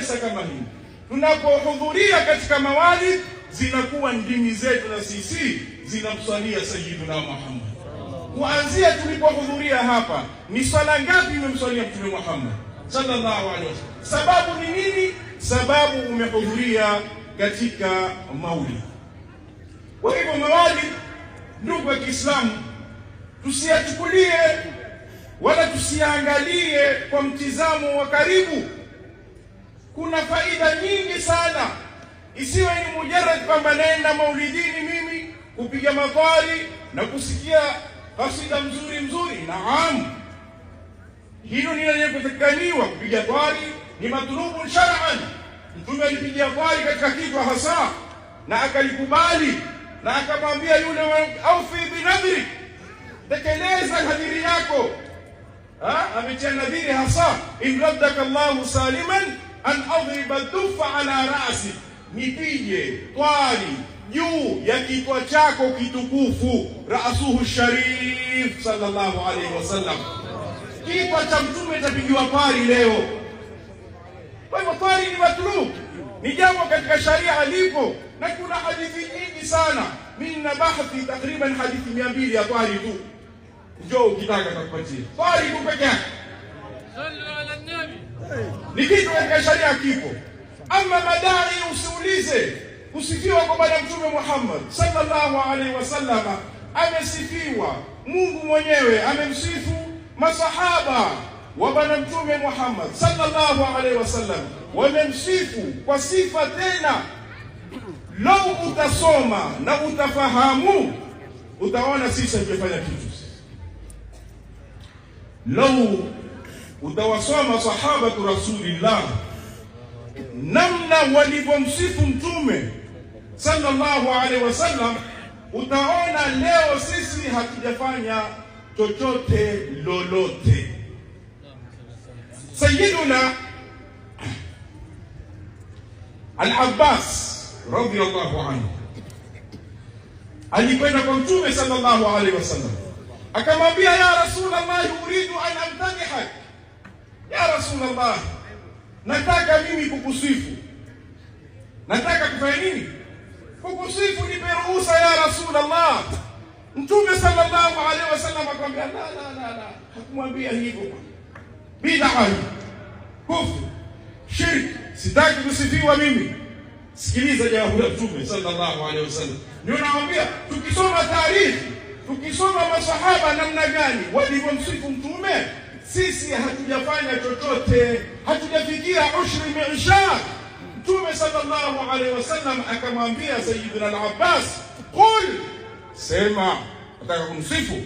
kanisa kama hii, tunapohudhuria katika mawali zinakuwa ndimi zetu na sisi zinamswalia sayiduna Muhammad. Kuanzia tulipohudhuria hapa, ni swala ngapi imemswalia Mtume Muhammad sallallahu alaihi wasallam? Sababu ni nini? Sababu umehudhuria katika mauli Kwa hivyo mawali, ndugu wa Kiislamu, tusiyachukulie wala tusiangalie kwa mtizamo wa karibu kuna faida nyingi sana, isiwe ni mujarad kwamba naenda maulidini mimi kupiga madhari na kusikia kasida mzuri mzuri. Naam, hilo ni lenye kutakaniwa. Kupiga dhari ni madhulubu shar'an. Mtume alipiga dhari katika kichwa hasa, na akalikubali na akamwambia yule, aufi binadhri, tekeleza nadhiri yako. Ametia nadhiri hasa, inradaka llahu saliman an adhriba dufa ala rasi, nipige twali juu ya kichwa chako kitukufu. Rasuhu sharif sallallahu alaihi wasallam, kichwa cha mtume tapigiwa twali leo. Kwa hivyo twali ni matruki, ni jambo katika sharia alipo, na kuna hadithi nyingi sana. Mimi na bahthi takriban hadithi mia mbili ya twali tu, njoo ukitaka takupatia twali tu peke yake ni kitu katika sharia kipo. Ama madai usiulize kusifiwa kwa Bwana Mtume Muhammad sallallahu alaihi wasallam, amesifiwa Mungu mwenyewe amemsifu masahaba wa Bwana Mtume Muhammad sallallahu alaihi wasallam wamemsifu kwa sifa tena. Lau utasoma na utafahamu, utaona sisi hatujafanya kitu lau utawasoma sahabatu rasulillah namna walivyomsifu mtume sallallahu alaihi wasallam, utaona leo sisi hatujafanya chochote lolote. Sayyiduna Al-Abbas radhiyallahu anhu alikwenda kwa mtume sallallahu alaihi wasallam akamwambia, ya Rasulullah, uridu an amtadihak ya Rasulullah, nataka mimi kukusifu, nataka kufanya nini? Kukusifu, nipe ruhusa ya Rasulullah. Mtume sallallahu alaihi wasallam akamwambia, la la la la, hakumwambia hivyo. Bid'a, kufu shirki, sitaki kusifiwa mimi. Sikiliza jawabu ya Mtume sallallahu alaihi wasallam, ndio naambia, tukisoma taarifu, tukisoma masahaba namna gani walivyomsifu Mtume sisi hatujafanya chochote, hatujafikia ushri miisha Mtume sallallahu alaihi wasallam akamwambia Sayyidina al-Abbas, qul, sema, nataka kumsifu,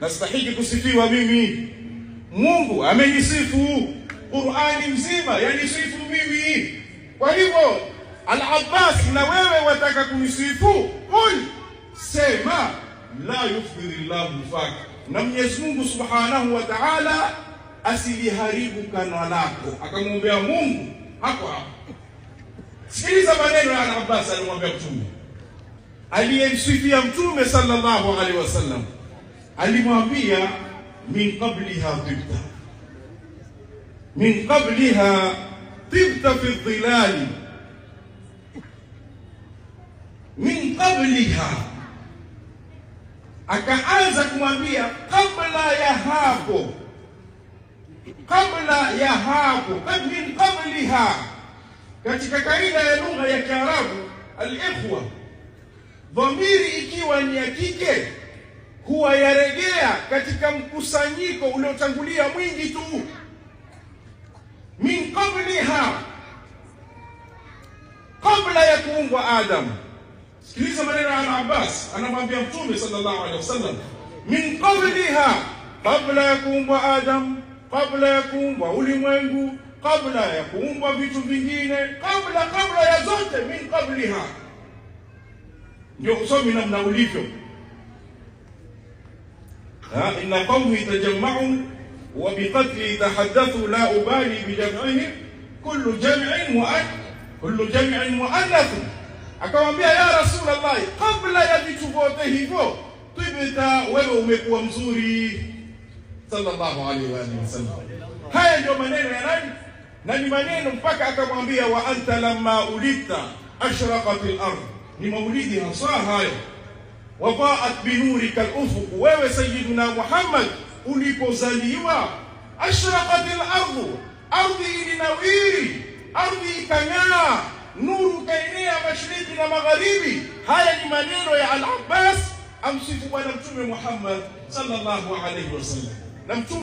nastahiki kusifiwa mimi. Mungu amenisifu Qur'ani mzima, yani sifu mimi. Kwa hivyo, al-Abbas, na wewe wataka kunisifu, qul, sema la yufdhiri llahu fak, na Mwenyezi Mungu subhanahu wa taala asiliharibu kanwa lako. Akamwombea Mungu hapo hapo. Sikiliza maneno ya Ibn Abbas alimwambia Mtume, aliyemsifia Mtume sallallahu alaihi wasallam, alimwambia min qabliha tibta min qabliha tibta fi dhilali min qabliha akaanza kumwambia kabla ya hapo, kabla ya hapo, min qabliha. Katika kaida ya lugha ya Kiarabu, alikhwa, dhamiri ikiwa ni ya kike huwa yarejea katika mkusanyiko uliotangulia mwingi tu. min qabliha, kabla ya kuumbwa Adamu Sikiliza maneno ya Al-Abbas, anamwambia Mtume sallallahu alaihi wasallam, min qabliha, kabla ya kuumbwa Adam, kabla ya kuumbwa ulimwengu, kabla ya kuumbwa vitu vingine, kabla kabla ya zote, min qabliha. Ndio usomi namna ulivyo. Inna qaumi tajammacu wa biqatli tahadathu la ubali bijamcihim kullu jamcin muannath akamwambia ya Rasulullah, kabla ya vitu vyote hivyo tibta, wewe umekuwa mzuri. Sallallahu alaihi wa alihi wasallam. Haya ndio maneno ya nani? Na ni maneno mpaka akamwambia wa anta lamma ulidta ashraqat al-ard, ni maulidi hasa hayo. Wa ba'at bi nurika al-ufuq, wewe sayyiduna Muhammad ulipozaliwa ashraqat al-ard, ardhi ilinawiri, ardhi ikang'aa nuru kaenea mashariki na magharibi. Haya ni maneno ya Al-Abbas amsifu Bwana Mtume Muhammad sallallahu alaihi wasallam na mtume